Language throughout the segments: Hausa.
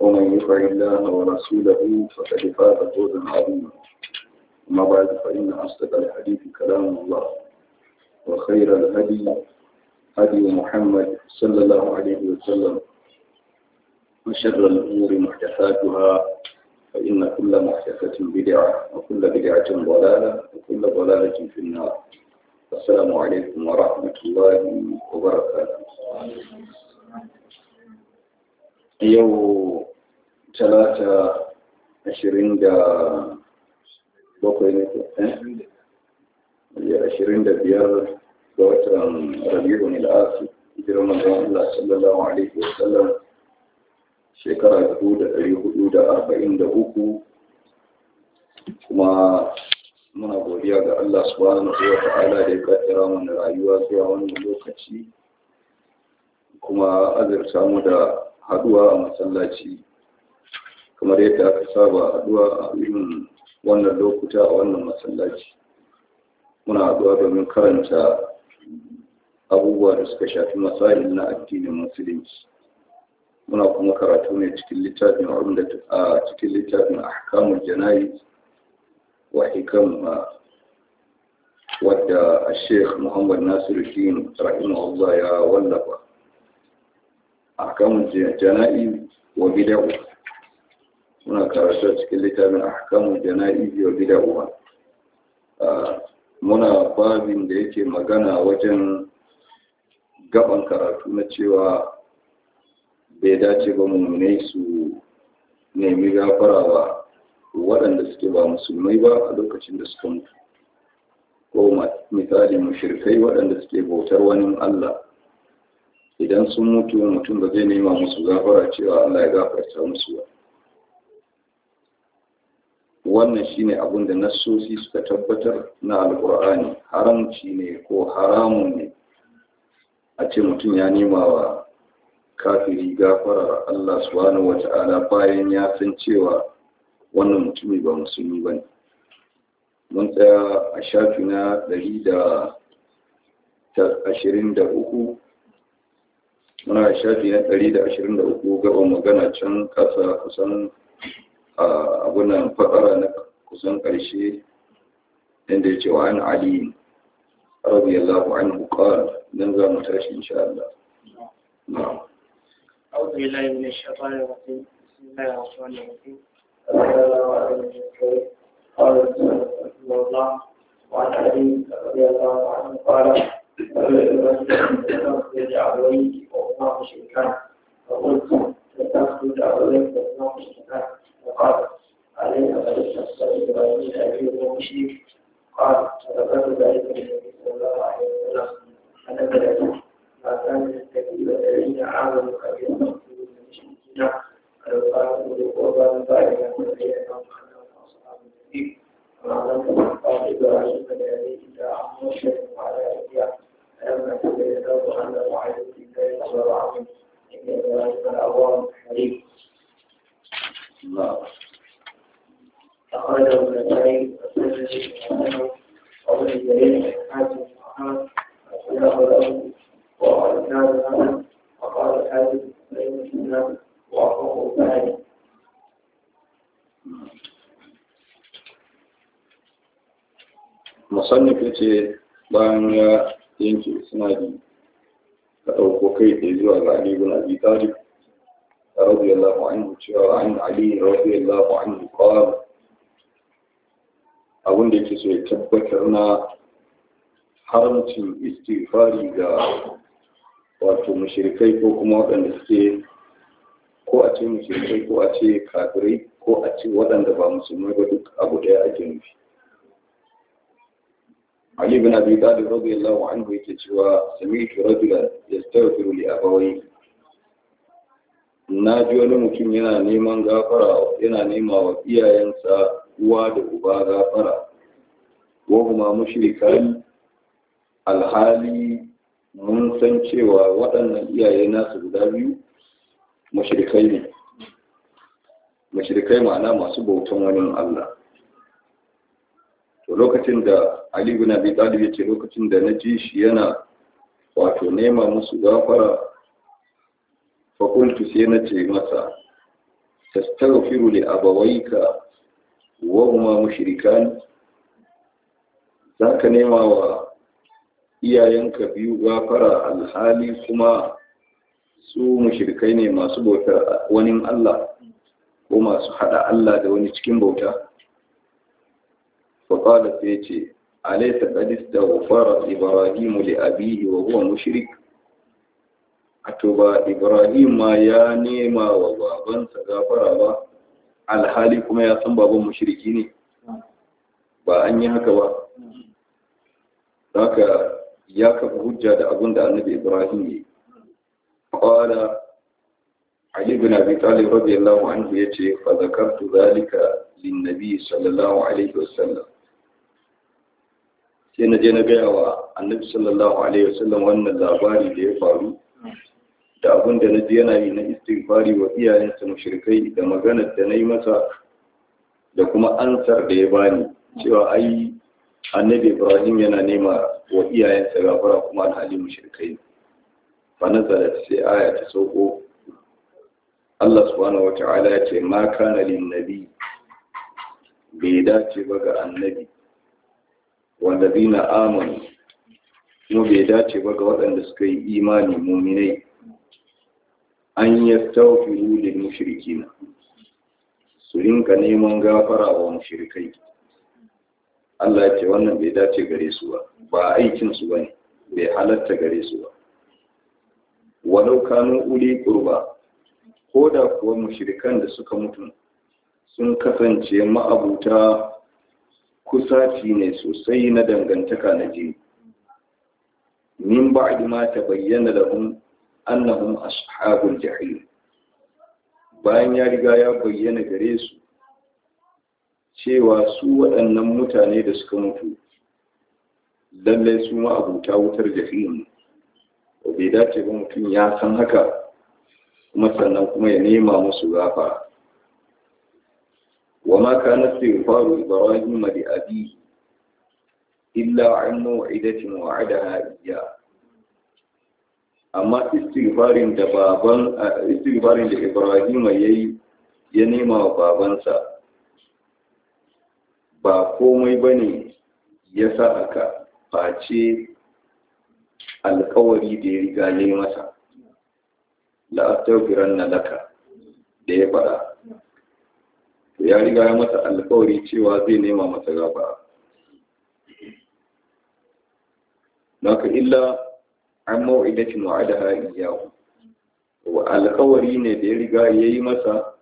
ومن يطع الله ورسوله فقد فاز فوزا عظيما أما بعد فإن أصدق الحديث كلام الله وخير الهدي هدي محمد صلى الله عليه وسلم وشر الأمور محدثاتها فإن كل محدثة بدعة وكل بدعة ضلالة وكل ضلالة في النار السلام عليكم ورحمة الله وبركاته talata ashirin da bakwai ne eh? ya ashirin da biyar ga watan ne al'asu hijirar manzon Allah sallallahu alaihi wa sallam shekara dubu da ɗari hudu da arba'in da uku kuma muna godiya ga Allah subhanahu wa ta'ala da ya kaddara mana rayuwa zuwa wannan lokaci kuma azurta mu da haduwa a masallaci kamar yadda aka saba haɗuwa a irin wannan lokuta a wannan masallaci muna haɗuwa domin karanta abubuwa da suka shafi matsayin na addinin musulunci muna kuma karatu ne cikin littafin a cikin littafin ahkamul janayi wa hikam wadda sheikh muhammad Nasiru rahimu allah ya wallafa ahkamul janayi wa bid'ah muna karatu cikin littafin ahkamu jana'izi wa uwa muna babin da yake magana wajen gaban karatu na cewa bai dace ba mummunai su nemi gafara ba waɗanda suke ba musulmai ba a lokacin da suka mutu ko misali mushirkai waɗanda suke bautar wani Allah idan sun mutu mutum ba zai nema musu gafara cewa Allah ya gafarta musu ba wannan shine abin da nassosi suka tabbatar na alkur'ani haramci ne ko haramun ne a ce mutum ya nema wa kafiri gafarar Allah subhanahu wata'ala bayan ya san cewa wannan mutumi ba musulmi ba ne mun tsaya a shafi na ɗari uku. muna shafi na uku gaba magana can kasa kusan abunan fatsara na kusan ƙarshe inda ya ce wa an ali rabi yallahu an hukar don za mu tashi insha Allah. أعوذ بالله من الشيطان الرجيم بسم الله الرحمن الرحيم قال رسول الله وعن علي رضي الله عنه قال تخرج عبويك وهما مشركان فقلت تخرج عبويك وهما مشركان قال علينا فلسنا الصلاة إبراهيم أبي المؤمنين قال فذكرت ذلك من kuma waɗanda suke ko a ce musulmai ko a ce kafirai ko a ce waɗanda ba musulmai ba duk abu ɗaya ake nufi علي بن أبي طالب رضي الله عنه يتجوى سمعت رجلا يستغفر لأبويه na ji wani mutum yana neman gafara yana nema wa iyayensa uwa da uba gafara wa kuma mushrikan alhali mun san cewa waɗannan iyaye nasu guda biyu mashirikai ne mashirikai ma'ana masu bautan wani Allah to lokacin da Ali bin Abi Talib yace lokacin da na ji shi yana wato nema musu gafara fa kuntu sai na ce masa tastaghfiru li abawayka wa huma mushrikan zaka nema wa iyayenka biyu gafara alhali kuma su mushrikai ne masu bautar wani Allah ko masu hada Allah da wani cikin bauta faƙalar sai ce alaita ƙadis da gafara ibrahimu li abihi wa huwa mushrik a to ba ibrahim ma ya nema wa babansa gafara ba alhali kuma ya san baban mushriki ne ba an yi haka ba haka ya kafa hujja da abin da annabi ibrahim ne qala ali ibn abi talib radiyallahu anhu yace fa zakartu zalika lin nabi sallallahu alaihi wasallam sai na je na gaya wa annabi sallallahu alaihi wasallam wannan labari da ya faru da abin da na ji yana yi na istighfari wa iyayensa shirkai da maganar da na yi masa da kuma ansar da ya bani cewa ai annabi ibrahim yana nema wa iyayensa gafara kuma alhali mushrikai fa nazalat sai aya ta sauko Allah subhanahu wata'ala ya ce ma kana lin bai dace ba ga annabi Wanda zina amanu kuma bai dace ba ga waɗanda suka yi imani muminai an taufi lil mushrikina su rinka neman gafara wa mushrikai Allah ya ce wannan bai dace gare su ba ba aikin su bane bai halatta gare su ba walau kanu uli qurba ko da kuwa mushrikan da suka mutu sun kasance ma'abuta kusaci ne sosai na dangantaka na jini min ba'di ma ta tabayyana lahum annahum ashabul jahim bayan ya riga ya bayyana gare su cewa su waɗannan mutane da suka mutu lallai su ma'abuta wutar jahim ba bai dace ba mutum ya san haka kuma sannan kuma ya nema musu gafa wa ma ka kana faru ibrahim da abi illa an maw'idatin wa'adaha iyyah amma istighfarin da baban istighfarin da Ibrahim yayi ya nema wa babansa ba komai ba ne ya sa aka face alkawari da ya riga ya yi masa la'astaghfiran na laka da ya faɗa ya riga ya masa alkawari cewa zai nema masa gaba naka illa an mawa'idatin wa'adaha iyahu wa alkawari ne da ya riga ya yi masa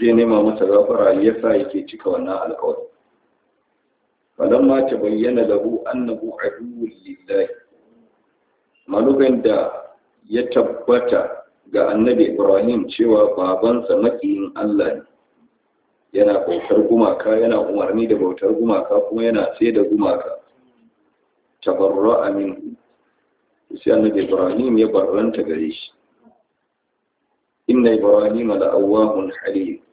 zai nema masa gafara ya sa yake cika wannan alkawari falamma ta bayyana lahu annahu aduwwun lillahi malugan da ya tabbata ga annabi ibrahim cewa babansa makiyin allah ne yana bautar gumaka yana umarni da bautar gumaka kuma yana sai da gumaka tabarra amin sai ibrahim ya barranta gare shi inna ibrahim la'awwahun halim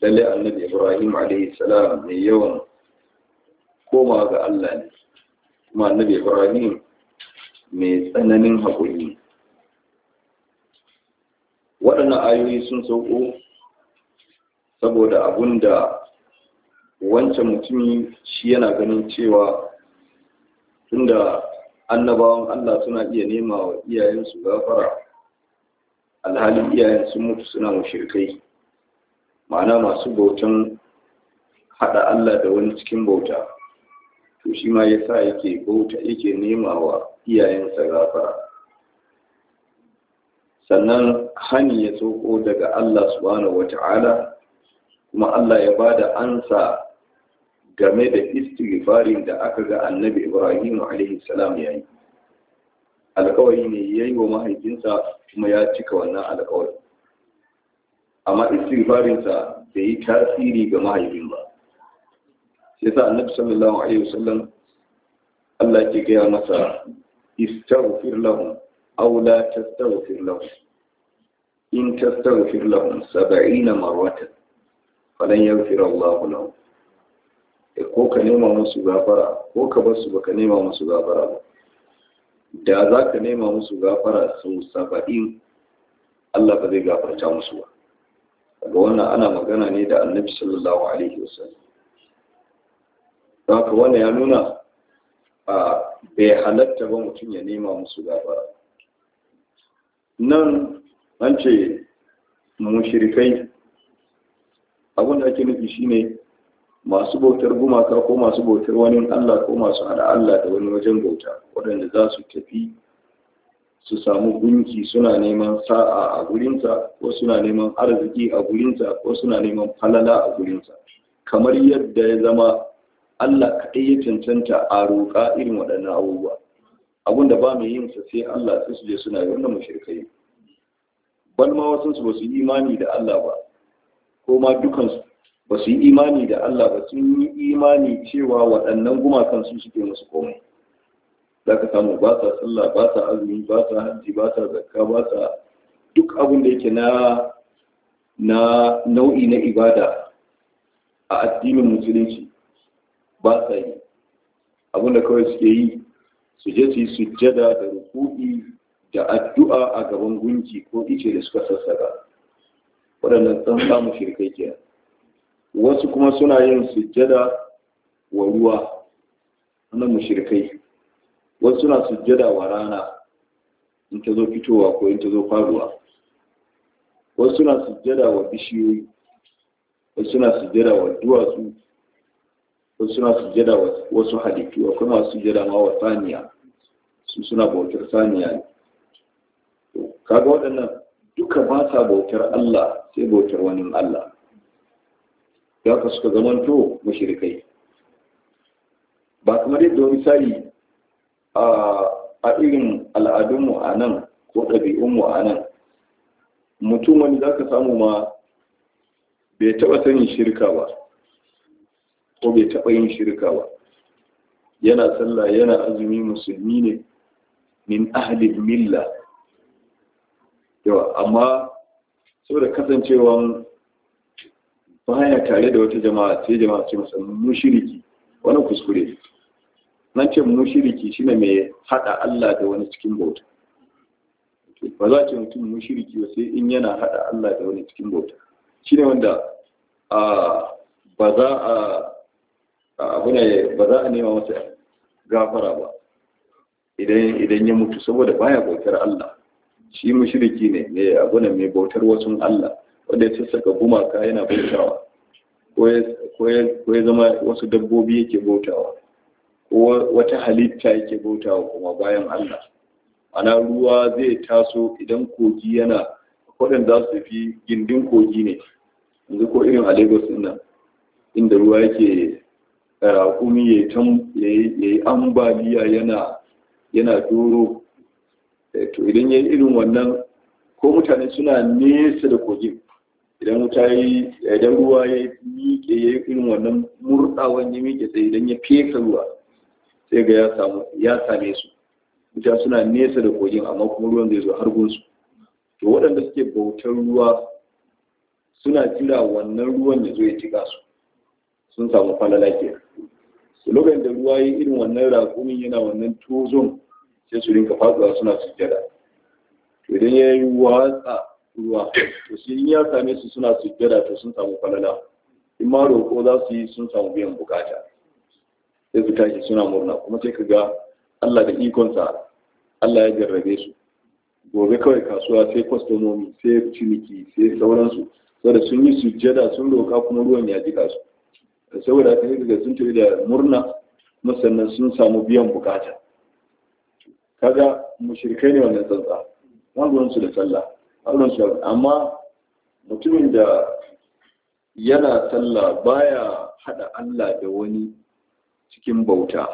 lalle annabi ibrahim alayhi salam mai yawan Koma ga Allah ne kuma annabi Ibrahim mai tsananin haƙuri waɗannan ayoyi sun sauko saboda abun da wancan mutumi shi yana ganin cewa tunda annabawan Allah suna iya nema wa iyayensu gafara alhalin iyayen sun mutu suna mashirkai ma'ana masu bautan haɗa Allah da wani cikin bauta to shi ma ya sa yake bauta yake nema wa iyayensa gafara sannan hani ya tsoko daga Allah subhanahu ta'ala kuma Allah ya ba da ansa game da istighfarin da aka ga annabi Ibrahim alaihi salam ya yi alkawari ne ya yi wa mahaifinsa kuma ya cika wannan alkawari amma istighfarinsa bai yi tasiri ga mahaifin ba sai sa annabi sallallahu alaihi wasallam Allah ke gaya masa istaghfir lahum aw la tastaghfir lahum in tastaghfir lahum 70 marratan falan yaghfir Allah lahum e, ko ka nema musu gafara ko ka basu ba baka nema musu gafara ba da za ka nema musu gafara sau saba'in Allah ba zai gafarta musu ba daga wannan ana magana ne da annabi sallallahu alaihi wasallam don haka ya nuna a bai halatta ba mutum ya nema musu gabara nan an ce mushirikai, abin da ake nufi shine masu bautar gumaka ko masu bautar wani Allah ko masu hada Allah da wani wajen bauta waɗanda za su tafi su samu gunki suna neman sa'a a gurinsa ko suna neman arziki a gurinsa ko suna neman falala a gurinsa kamar yadda ya zama Allah kaɗai ya cancanta a roƙa irin waɗannan abubuwa abinda ba mai yin sa sai Allah sai su je suna yi wannan mushrikai bal ma wasu su basu imani da Allah ba ko ma dukan su basu yi imani da Allah ba sun yi imani cewa waɗannan gumakan su suke musu komai za ka samu ba sa sallah ba sa azumi ba sa hajji ba sa zakka ba sa duk abin da yake na na nau'i na ibada a addinin musulunci ba sa yi abinda kawai suke yi su je su yi sujjada da ruku'i da addu'a a gaban gunki ko ice da suka sassaka waɗannan san samu shirkai ke wasu kuma suna yin sujjada wa ruwa mu shirkai, wasu suna sujjada wa rana in ta zo fitowa ko in ta zo faruwa wasu suna sujjada wa bishiyoyi wasu suna sujjada wa duwatsu wasu suna sujjada wasu halittu akwai masu sujjada ma wa saniya su suna bautar saniya ne kaga waɗannan duka ba sa bautar Allah sai bautar wani Allah ya ka suka zamanto mashirikai ba kamar yadda wani misali a irin al'adunmu a nan ko ɗabi'unmu a nan mutum wani za ka samu ma bai taɓa sanin shirka ba ko bai taɓa yin shirka ba yana sallah yana azumi musulmi ne min ahlil milla yawa amma saboda kasancewan baya tare da wata jama'a sai jama'a ce masa mushiriki wani kuskure nan ce mushiriki shine mai hada Allah da wani cikin bauta ba za ce mutum mushiriki ba sai in yana hada Allah da wani cikin bauta shine wanda a ah, ba za a abu ne ba za a nema masa gafara ba idan ya mutu saboda baya bautar Allah shi mushriki ne ne abu ne mai bautar wasu Allah wanda ya sassaka gumaka yana bautawa ko ya zama wasu dabbobi yake bautawa ko wata halitta yake bautawa kuma bayan Allah ana ruwa zai taso idan kogi yana kodin za su fi gindin kogi ne yanzu ko irin a lagos nan inda ruwa yake raƙumi ya yi ambaliya yana doro eh, to idan ya yi irin wannan ko mutane suna nesa da kogin idan wuta yi idan ruwa ya miƙe ya yi irin wannan murɗawan ya miƙe sai idan ya fesa ruwa sai ga ya same su wuta suna nesa da kogin amma kuma ruwan zai zo hargun su to waɗanda suke bautar ruwa suna jira wannan ruwan ya zo ya cika su sun samu falala ke su lokacin da ruwa yi irin wannan rakumin yana wannan tozon sai su rinka fasuwa suna su gyara to idan ya yi watsa ruwa to su in ya same su suna su gyara to sun samu falala in ma roƙo za su yi sun samu biyan bukata sai su tashi suna murna kuma sai ka ga Allah da ikonsa Allah ya jarrabe su gobe kawai kasuwa sai kwastomomi sai ciniki sai sauransu saboda sun yi sujjada sun roƙa kuma ruwan ya jika su saboda haka daga sun tafi da murna musannan sun samu biyan bukata kaga mushrikai ne wannan tsantsa magurin su da sallah magurin su amma mutumin da yana sallah baya hada Allah da wani cikin bauta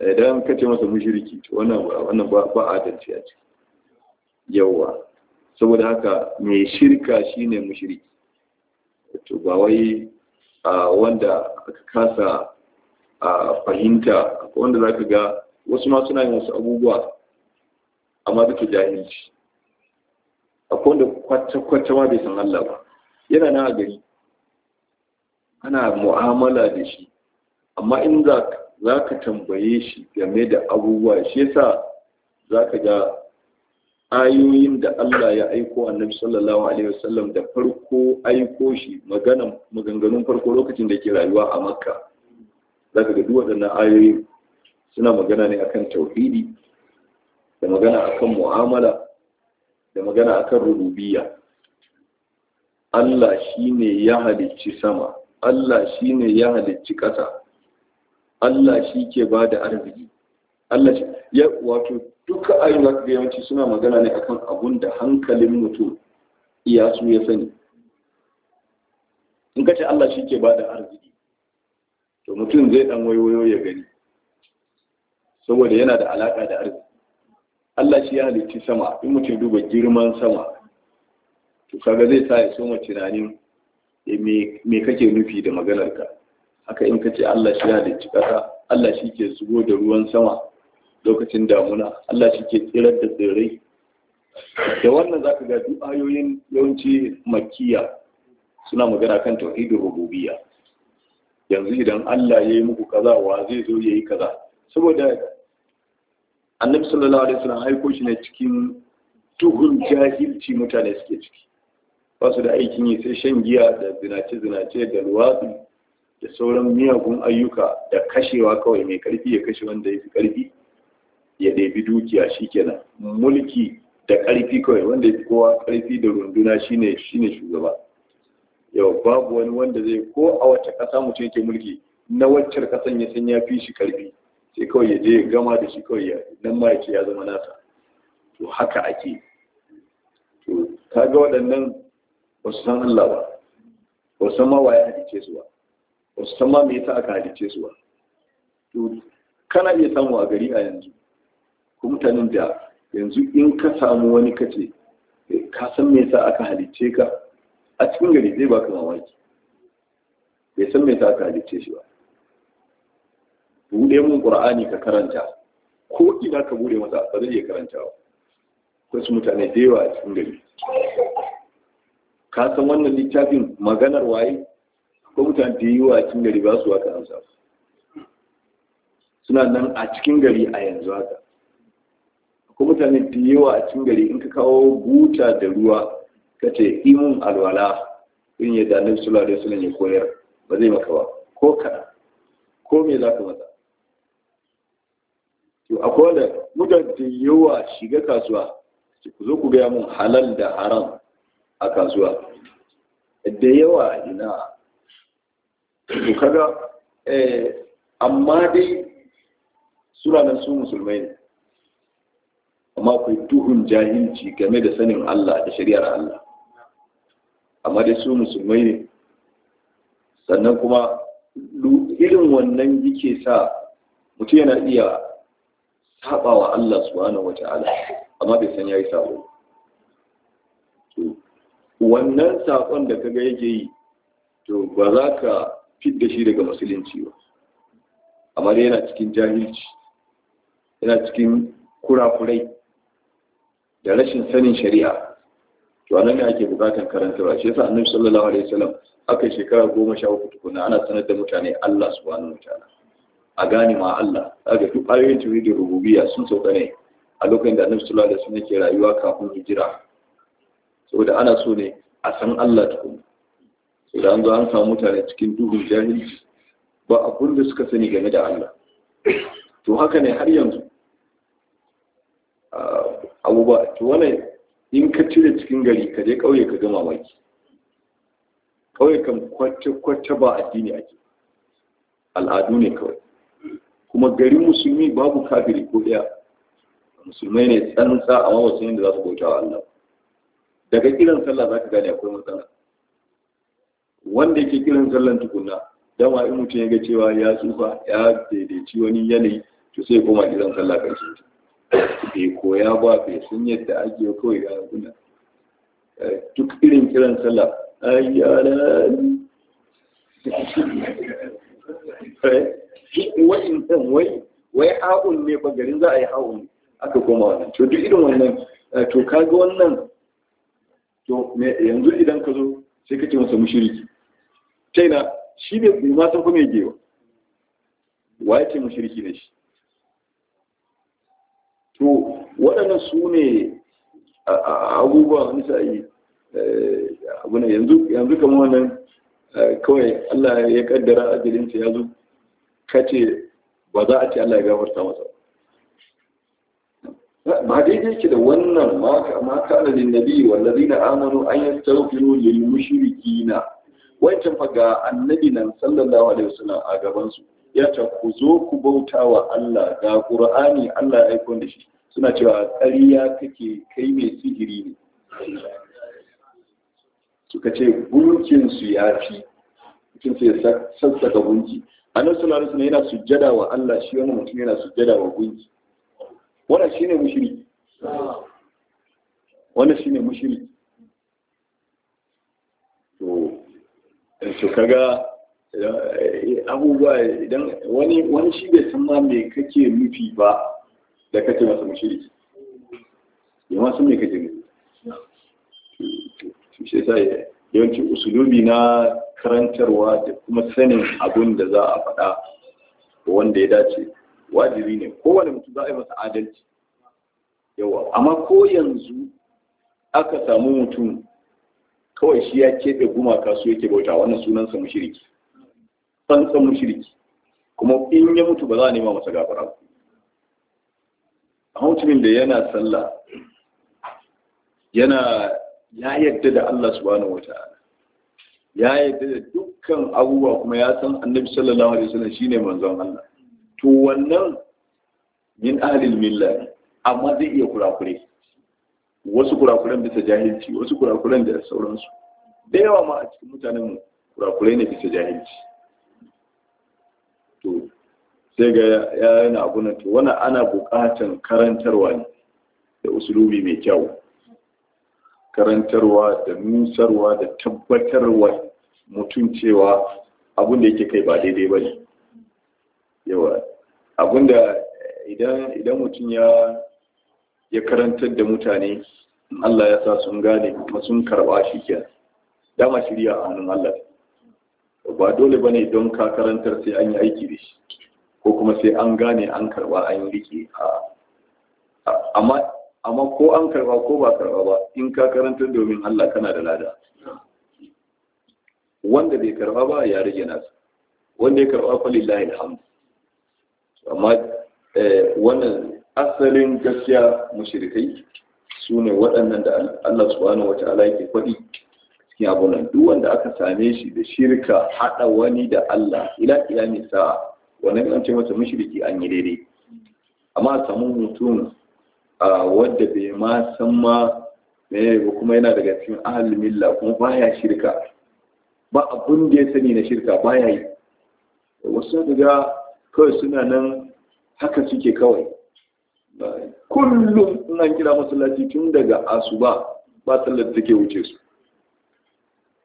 idan ka ce masa mushriki wannan wannan ba adalci a ciki yawa saboda haka mai shirka shine mushriki to ba wai wanda aka kasa fahimta wanda za ka ga wasu masu na yin wasu abubuwa amma duka jahilci akwai wanda kwata-kwata ma bai san Allah ba yana na gari ana mu'amala da shi amma in za ka tambaye shi game da abubuwa shi yasa za ka ga ayoyin da Allah ya aiko annabi sallallahu alaihi wasallam da farko aiko shi maganan maganganun farko lokacin da ke rayuwa a makka zaka ga duk waɗannan ayoyi suna magana ne akan tauhidi da magana akan mu'amala da magana akan rububiyya Allah shine ya halicci sama Allah shine ya halicci ƙasa Allah shi ke bada arziki Allah ya wato duka ayin da yawanci suna magana ne akan abun da hankalin mutum iyasu ya sani in ka Allah shi ke ba arziki to mutum zai dan wayoyo ya gani saboda yana da alaka da arziki Allah shi ya halitti sama in mutum duba girman sama to kaga zai sa ya soma tunanin eh, me kake nufi da maganar ka, haka in kace Allah shi ya halitti kasa Allah shi ke zubo da ruwan sama lokacin damuna Allah shi ke tsirar da tsirrai da wannan za ka gaji ayoyin yawanci makiya suna magana kan tauhidin rububiya yanzu idan Allah ya yi muku kaza wa zai zo ya yi kaza saboda annabi sallallahu alaihi wasallam haiko shi ne cikin duhun jahilci mutane suke ciki ba su da aikin yi sai shan giya da zinace-zinace da luwatsu da sauran miyagun ayyuka da kashewa kawai mai karfi ya kashe wanda ya fi karfi ya ɗebi dukiya shikenan mulki da ƙarfi kawai wanda ya fi kowa ƙarfi da runduna shine shine shugaba yau babu wani wanda zai ko a wacce ƙasa mutum yake mulki na waccar ƙasan ya san ya fi shi ƙarfi sai kawai ya je ya gama da shi kawai ya nan ma ya zama nasa to haka ake to ka ga waɗannan ba su san Allah ba ba su san ma waye halice su ba ba su san ma me yasa aka halice su ba to kana iya samu a gari a yanzu ko mutanen da yanzu in ka samu wani kace eh, ka san me yasa aka halicce ka a cikin gari zai baka mamaki bai san me yasa aka halicce shi ba bude mun qur'ani ka karanta ko ina ka bude masa ba zai iya karantawa wasu mutane da yawa a cikin gari ka san wannan littafin maganar waye ko mutane da yawa a cikin gari ba su haka amsa suna nan a cikin gari a yanzu haka ko mutane da yawa a cikin gari in ka kawo buta da ruwa ka ce imun alwala in ya da nan sallallahu da wasallam ya koyar ba zai maka ba ko kana ko me za ka mata to akwai da mutane da yawa shiga kasuwa ku zo ku gaya mun halal da haram a kasuwa da yawa ina to kaga eh amma dai suna nan su musulmai ne kuma akwai duhun jahilci game da sanin Allah da shari'ar Allah amma dai su musulmai ne sannan kuma irin wannan yake sa mutum yana iya saba wa Allah subhanahu wata'ala amma bai san yayi sabo wannan sakon da kaga yake yi to ba za ka fidda shi daga musulunci ba amma dai yana cikin jahilci yana cikin kurakurai da rashin sanin shari'a to anan ne ake karanta karantarwa shi yasa annabi sallallahu alaihi wasallam aka shekara goma sha uku tukuna ana sanar da mutane Allah subhanahu ta'ala. a gane ma Allah daga duk ayoyin tauhidin rububiyya sun sauka ne a lokacin da annabi sallallahu alaihi wasallam yake rayuwa kafin hijira saboda ana so ne a san Allah tukuna. saboda an zo an samu mutane cikin duhun jahilci ba abun da suka sani game da Allah to haka ne har yanzu abu ba to wannan in ka cire cikin gari ka je ƙauye ka gama baki ƙauye kan kwace-kwace ba addini ake al'adu ne kawai kuma garin musulmi babu kafiri ko ɗaya musulmai ne tsantsa a yin da za su bauta wa Allah daga kiran sallah za ka gane akwai matsala wanda yake kiran sallan tukunna dama in mutum ya ga cewa ya tsufa ya daidaici wani yanayi to sai koma kiran sallah ƙarshen bai koya ba bai sun yadda ake kawai ya guna eh, duk irin kiran sallah ayyana eh, wa'in nan wai wai ha'un ne ba garin za a yi ha'un aka koma wannan to duk irin wannan eh, to kaga wannan to yanzu idan ka zo sai ka ce masa mushiriki na? shi ne bai ma san kuma ya gewa wa ya ce mashiriki ne shi to waɗannan su ne abubuwan nisa yi eh, abu ne yanzu kamar wannan eh, kawai Allah ya kaddara ajalinsa ya zo kace ba za a ce Allah ya gafarta masa ba daidai ke da wannan maka na lin nabi wallazi na amanu an yastaghfiru lil mushrikina wancan fa annabi nan sallallahu alaihi wasallam a gabansu ya ta ku zo ku bauta wa Allah ga Qur'ani Allah ya aiko da shi suna cewa ƙarya kake kai mai sihiri ne suka ce gunkin su ya fi mutum sai sassaka gunki annabi sallallahu alaihi yana sujjada wa Allah shi wannan mutum yana sujjada wa gunki wannan shine mushiri, wannan shine mushiri to to kaga abubuwa idan wani wani shi bai san ma me kake nufi ba da kake masa mushiri ya ma san me kake nufi shi yasa yawanci usulobi na karantarwa da kuma sanin abun da za a faɗa wanda ya dace wajibi ne kowane mutum za a yi masa adalci yawa amma ko yanzu aka samu mutum kawai shi ya keɓe gumaka su yake bauta wannan sunansa mushiriki tsantsan mushriki kuma in ya mutu ba za a nema masa gafara a mutumin da yana sallah yana ya yadda da Allah subhanahu wata'ala ya yadda da dukkan abubuwa kuma ya san annabi sallallahu alaihi wasallam shine manzon Allah to wannan min ahlil milla amma zai iya kurakure wasu kurakuren bisa jahilci wasu kurakuren da sauransu da yawa ma a cikin mutanen mu kurakurai ne bisa jahilci to sai ga yana abuna to wani ana bukatan karantarwa ne da usulubi mai kyau karantarwa da nusarwa da tabbatarwa mutum cewa abinda da yake kai ba daidai ba ne yawa abin idan mutum ya ya karantar da mutane Allah ya sa sun gane kuma sun karba shi kyan dama shirya a hannun Allah ba dole ba ne don ka karantar sai an yi aiki da shi ko kuma sai an gane an karba an yi rike amma ko an karba ko ba karba ba in ka karantar domin Allah kana da lada wanda bai karba ba ya rage nasa, wanda ya karba fa lillahi alhamd amma eh, wannan asalin gaskiya mushrikai su ne waɗannan da Allah subhanahu wata'ala yake faɗi cikin abunan duk wanda aka same shi da shirka haɗa wani da Allah ila ila ne sa wannan an ce masa mushriki an yi daidai amma samu mutum a wadda bai ma san ma me ba kuma yana daga cikin ahlul milla kuma baya shirka ba abun da ya sani na shirka baya yi wasu daga kawai suna nan haka suke kawai kullum nan kira masallaci tun daga asuba ba sallar da take wuce su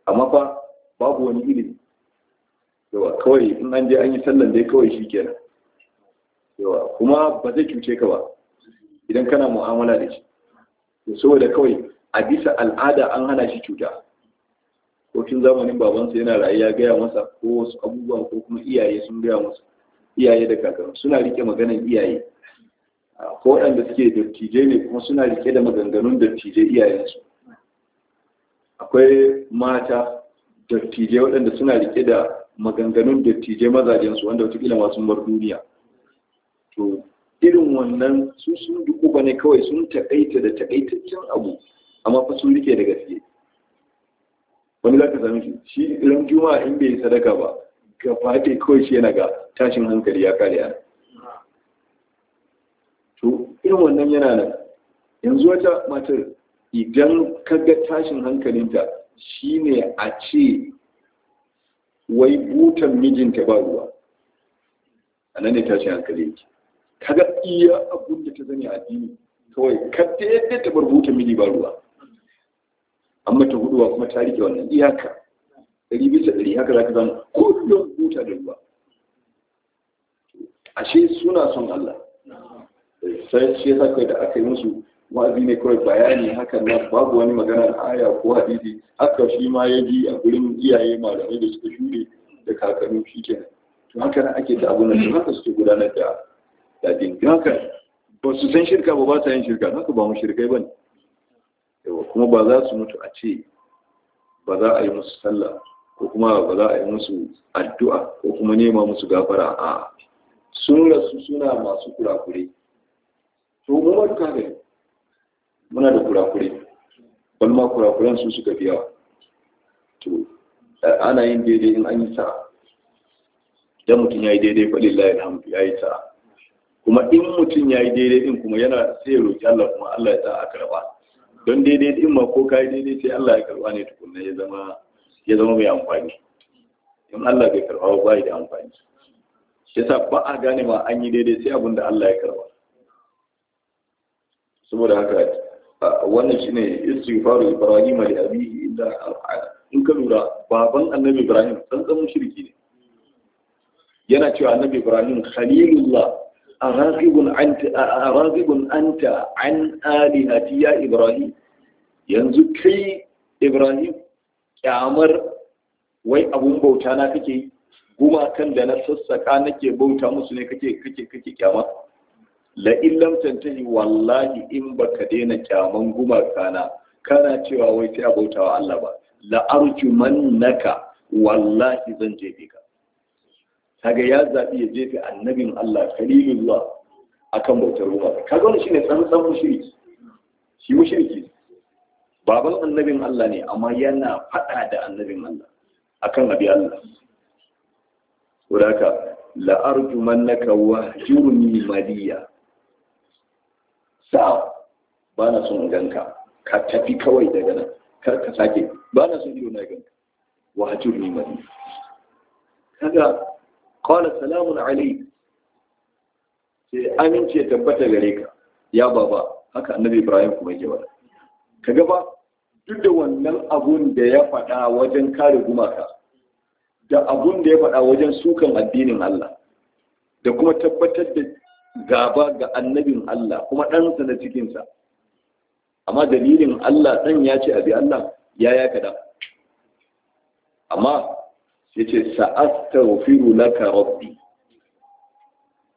amma fa babu wani ilimi yawa kawai in an je an yi sallan dai kawai shi kenan yawa kuma ba zai cuce ka ba idan kana mu'amala da shi saboda kawai a bisa al'ada an hana shi cuta kokin zamanin babansa yana rayuwa gaya masa ko wasu abubuwa ko kuma iyaye sun gaya masa iyaye da kakanni suna rike maganan iyaye ko waɗanda suke dattijai ne kuma suna rike da maganganun dattijai iyayensu akwai mata dattijai waɗanda suna rike da maganganun dattijai mazajensu wanda watakila masu bar duniya to irin wannan su sun duku ba ne kawai sun taƙaita da taƙaitaccen abu amma fa sun rike da gaske wani za ka sami shi shi ran juma'a in bai sadaka ba gaba ɗaya kawai shi yana ga tashin hankali ya kare yana to irin wannan yana nan yanzu wata matar idan kaga tashin hankalinta shine a ce wai butan mijinta ba ruwa a nan ne tashin hankali yake kaga iya abun da ta zane addini kawai kadda yadda ta bar butan miji ba ruwa amma ta huduwa kuma ta rike wannan iyaka ɗari bisa ɗari haka za ka zama kullum buta da ruwa ashe suna son Allah sai shi sa kai da aka yi musu wa'azi ne kawai bayani hakan nan babu wani maganar aya ko hadisi haka shi ma ya ji a gurin iyaye malamai da suka shure da kakanni shi kenan to haka nan ake da abu nan haka suke gudanar da da din haka ba su san shirka ba ba ta yin shirka haka ba mu shirka ba ne yawa kuma ba za su mutu a ce ba za a yi musu sallah ko kuma ba za a yi musu addu'a ko kuma nema musu gafara a sun rasu suna masu kurakure to mu wani kagari muna da kurakure wani ma kurakuren su suka fi yawa to ana yin daidai in an yi sa'a idan mutum ya yi daidai faɗin layin hamdu ya yi sa'a kuma in mutum ya yi daidai din kuma yana sai ya roƙi Allah kuma Allah ya sa a karɓa don daidai din ma ko ka yi daidai sai Allah ya karɓa ne tukunna ya zama ya zama mai amfani in Allah bai karɓa ba ya da amfani yasa ba a gane ma an yi daidai sai abin da Allah ya karɓa saboda haka wannan shine istighfaru ibrahim li abihi illa in ka lura baban annabi ibrahim tsantsan shirki ne yana cewa annabi ibrahim khalilullah araghibun anta araghibun anta an alihati ya ibrahim yanzu kai ibrahim kyamar wai abun bauta na kake kan da na sassaka nake bauta musu ne kake kake kake kyamar la illam tantahi wallahi in baka daina kyaman gumaka na kana cewa wai sai abautawa Allah ba la arjumannaka wallahi zan jefe ka kaga ya zabi ya jefe annabin Allah khalilullah akan bautar ruwa kaga wannan shine tsantsan mushriki shi mushriki baban annabin Allah ne amma yana fada da annabin Allah akan abi Allah wadaka la arjumannaka wahjurni maliya sa ba na son ganka ka tafi kawai daga nan kar ka sake ba na son ido na ganka wa hajurni mali kaga qala salamun alayk sai aminci ya tabbata gare ka ya baba haka annabi ibrahim kuma yake wada Ka gaba duk da wannan abun da ya faɗa wajen kare gumaka da abun da ya faɗa wajen sukan addinin Allah da kuma tabbatar da gaba ga annabin Allah kuma ɗansa na cikinsa amma dalilin Allah ɗan ya ce abi Allah ya ya kada amma sai ce sa'astaghfiru laka rabbi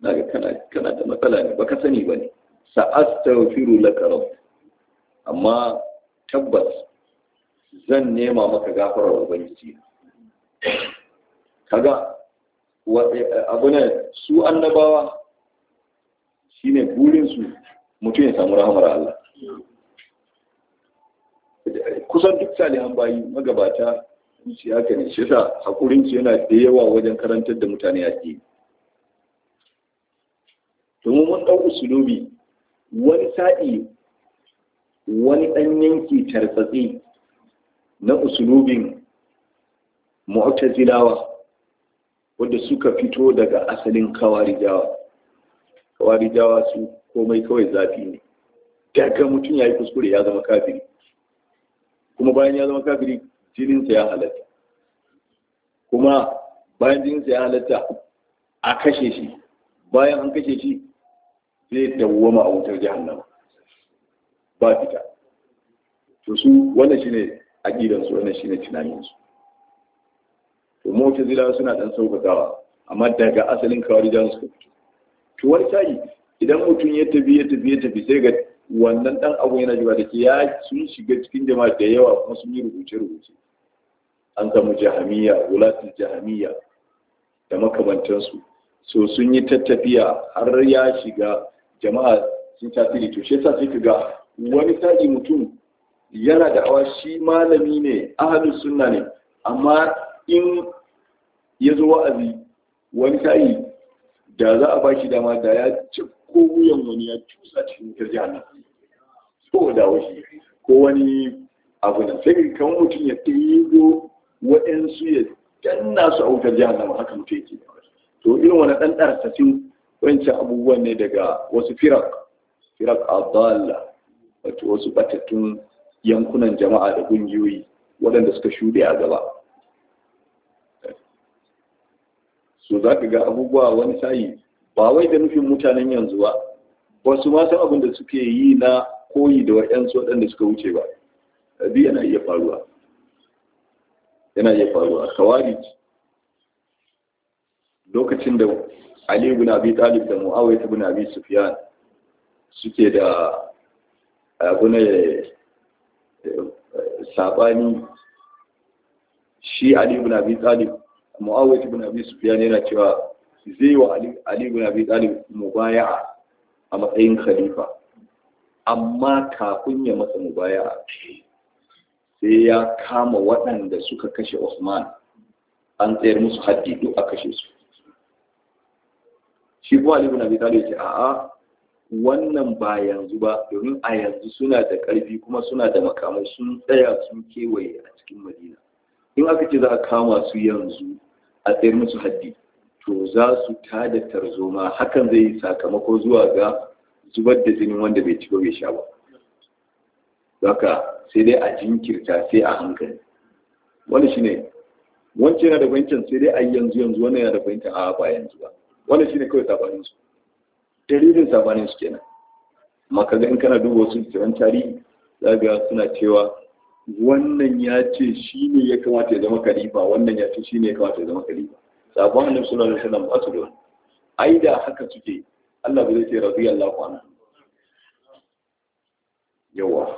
na ga kana da matsala ne baka sani ba ne. bane sa'astaghfiru laka rabbi amma tabbas zan nema maka gafarar ubangiji kaga eh, abu ne su annabawa shine ne burinsu mutum ya samu rahamar Allah kusan duk salihan bayi magabata shi haka ne shi sa hakurin yana da yawa wajen karantar da mutane addini domin mun ɗau usulobi wani sa'i wani ɗan yanki tarfatsi na usulubin mu'tazilawa wadda suka fito daga asalin kawari jawa kawarijawa su komai kawai zafi ne daga mutum ya yi kuskure ya zama kafiri kuma bayan ya zama kafiri jininsa ya halatta kuma bayan jininsa ya halatta a kashe shi bayan an kashe shi zai dawwama a wutar jahannama ba fita to su wannan shine aqidansu wannan shine tunaninsu to mu'tazila suna dan saukakawa amma daga asalin jawa suka fito to wani sai idan mutum ya tafi ya tafi ya tafi sai ga wannan ɗan abu yana jiwa da ke ya sun shiga cikin jama'a da yawa kuma sun yi rubuce rubuce an samu jahamiya wulatul jahamiya da makamantansu so sun yi tattafiya har ya shiga jama'a sun tafi to shi yasa sai ka ga wani sa'i mutum yana da awa shi malami ne ahlus sunna ne amma in ya zo wa'azi wani sa'i da za a baki dama da ya ci ko wuyan wani ya cusa cikin wutar jihar so da wasu ko wani abu na sai kan mutum ya ɗigo waɗansu ya danna su a wutar jihar ma haka mutum yake to irin wani ɗan ɗarsasin wancan abubuwan ne daga wasu firak firak abdalla wato wasu batattun yankunan jama'a da ƙungiyoyi waɗanda suka shuɗe a gaba so za ka ga abubuwa wani sayi ba wai da nufin mutanen yanzu ba wasu ma san abin da suke yi na koyi da waɗansu waɗanda suka wuce ba abi yana iya faruwa yana iya faruwa kawari lokacin da ali ibn abi talib da muawiya ibn abi sufyan suke da abuna eh, eh, sabani shi ali ibn abi talib mu'awiyah ibn abi sufyan yana cewa zai wa ali ibn abi talib mubaya'a a matsayin khalifa amma kafin ya masa mubaya'a sai ya kama waɗanda suka kashe Usman an tsayar musu haddi duk a kashe su shi kuma Ali ibn Abi Talib ce a'a wannan ba yanzu ba domin a yanzu suna da ƙarfi kuma suna da makamai sun tsaya sun kewaye a cikin Madina in aka ce za a kama su yanzu a tsayar musu haddi to za su tada tarzoma hakan zai yi sakamako zuwa ga zubar da jinin wanda bai ci ba bai sha ba zaka sai dai a jinkirta sai a hankali wani shine wancan yana da fahimtar sai dai a yanzu yanzu wannan yana da fahimtar a ba yanzu ba wannan shine kawai sabanin su dalilin sabanin su kenan maka ga in kana duba wasu jiran tarihi za ga suna cewa wannan ya ce shi ne ya kamata ya zama khalifa wannan ya ce shi ne ya kamata ya zama khalifa sabon annabi sallallahu alaihi wasallam ba su da wani ai da haka suke Allah ba zai ce radiyallahu anhu yawa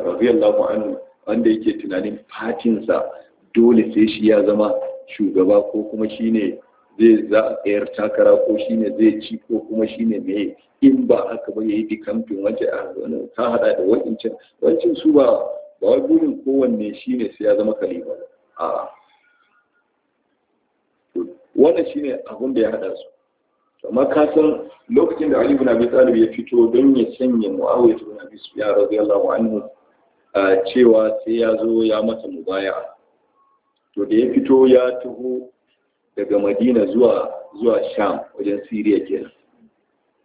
radiyallahu anhu wanda yake tunanin fatinsa dole sai shi ya zama shugaba ko kuma shi ne zai za a tsayar takara ko shi ne zai ci ko kuma shi ne mai in ba haka ba ya yi dikamfin wajen a ta hada da wancan wancan su ba ba wai burin kowanne shi ne sai ya zama kalifa a wannan shi ne abin da ya haɗa su amma ka san lokacin da alibu na bi talib ya fito don ya sanya mu'awai tuna bi su ya ya radiyallahu anhu cewa sai ya zo ya masa mubaya to da ya fito ya taho daga madina zuwa zuwa sham wajen siriya kenan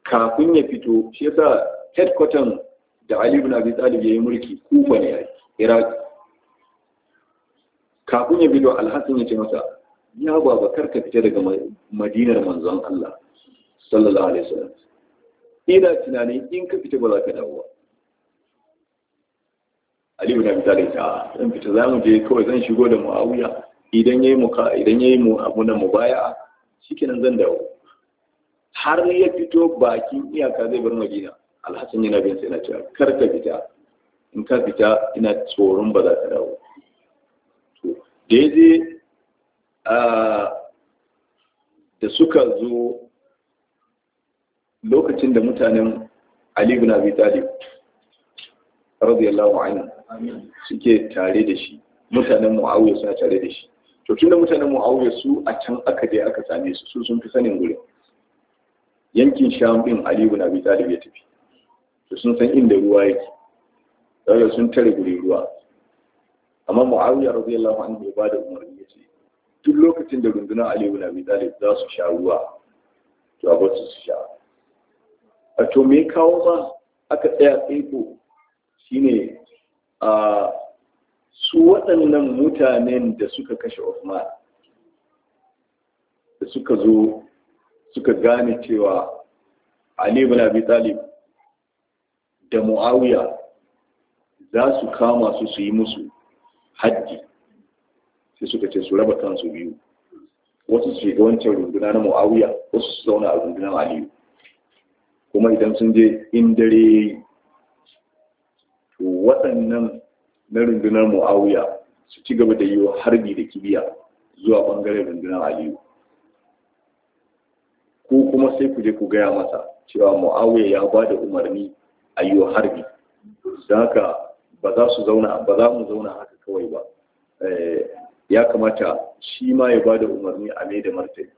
kafin ya fito shi sa headquarter da na ibn Abi ya yi mulki Kufa ne ya yi. iraki kafin ya bido alhassan ya ce masa ya baba karka fita daga madinar manzon Allah sallallahu alaihi wasallam ina tunanin in ka fita ba za ka dawo Ali bin Abi Talib ta ah, zan fita za mu je kawai zan shigo da Muawiya idan yayi mu idan yayi mu abu na mubaya shikenan zan dawo har ya fito bakin iyaka zai bar Madina Alhassan yana bin sai na ce karka fita in ka fita ina tsoron ba za ka dawo da ya je da suka zo lokacin da mutanen Ali bin Abi Talib radiyallahu anhu suke tare da shi mutanen Muawiya suna tare da shi to tunda mutanen Muawiya su a can aka je aka same su su sun fi sanin gurin yankin Sham bin Ali bin Abi Talib ya tafi to sun san inda ruwa yake saboda sun tare guri ruwa amma muawiya radiyallahu anhu ya bada umarni ya ce duk lokacin da rundunar aliyu na bi talib za su sha ruwa to a su sha a to me kawo ba aka tsaya tsaiko shine a su waɗannan mutanen da suka kashe Uthman da suka zo suka gane cewa Ali ibn Abi Talib da Muawiya za su kama su su yi musu haddi sai suka ce su raba kansu biyu wasu su shiga wancan runduna na mu'awiya wasu su zauna a rundunar aliyu kuma idan sun je in dare to waɗannan na rundunar mu'awiya su ci gaba da yi wa harbi da kibiya zuwa ɓangaren rundunar aliyu ko kuma sai ku je ku gaya masa cewa mu'awiya ya ba da umarni a yi wa harbi za ka ba za su zauna ba za mu zauna haka kawai ba eh, ya kamata shi ma ya ba da umarni a mai da martani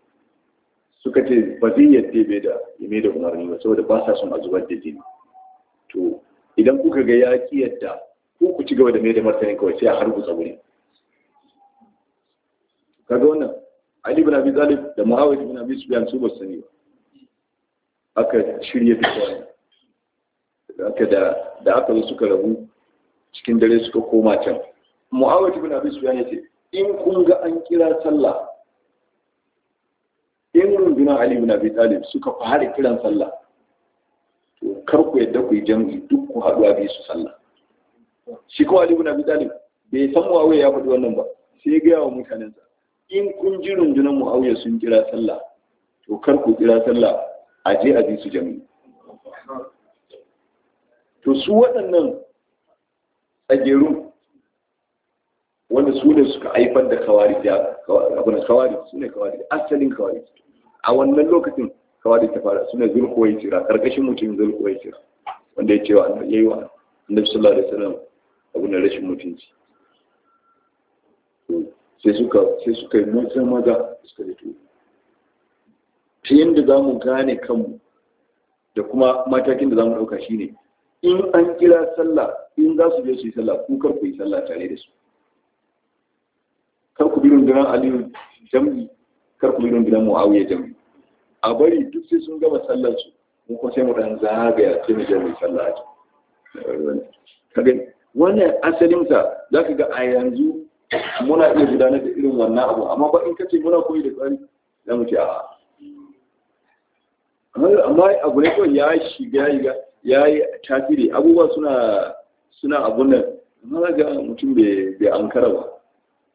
suka ce ba zai yadda bai da ya mai da umarni ba saboda ba sa son a zubar da jini to idan kuka ga ya ki yadda ko ku ci gaba da mai da martani kawai sai a harbu tsaburi kaga wannan Ali ibn Abi zalib da Muawiya ibn Abi Sufyan su ba su sani aka shirye fitowa aka da da aka zo suka rabu cikin dare suka koma can mu'awaji bin abi sufyan ce in kun ga an kira sallah in rundunar ali bin abi talib suka fara kiran sallah to kar ku yadda ku yi jam'i duk ku haɗu a bi su sallah shi kuma ali bin abi talib bai san muawiya ya faɗi wannan ba sai ga yawa mutanensa in kun ji rundunar muawiya sun kira sallah to kar ku kira sallah a je a bi su jam'i to su waɗannan tsageru wanda su ne suka haifar da kawari. su ne kawarij asalin kawari. a wannan lokacin kawari ta fara su ne zurkowai cira karkashin mutum zurkowai cira wanda ya ce wa ya yi wa annabi sallallahu alaihi wasallam abu na rashin mutunci sai suka sai suka yi maza maza suka da tuwo ta yadda za mu gane kanmu da kuma matakin da za mu ɗauka shine in an kira sallah in za su je su yi sallah ku kar ku yi sallah tare da su kar ku bi gidan aliyu jam'i kar ku bi gidan muawiya jam'i a bari duk sai sun gama sallar su mu ko sai mu dan zagaya sai mu je mu sallah ta kaga wannan asalin sa zaka ga a yanzu muna iya gudanar da irin wannan abu amma ba in kace muna koyi da tsari za mu ce a amma abu ne kawai ya shiga ya yi tasiri abubuwa suna suna abun nan na ga mutum bai ankara ba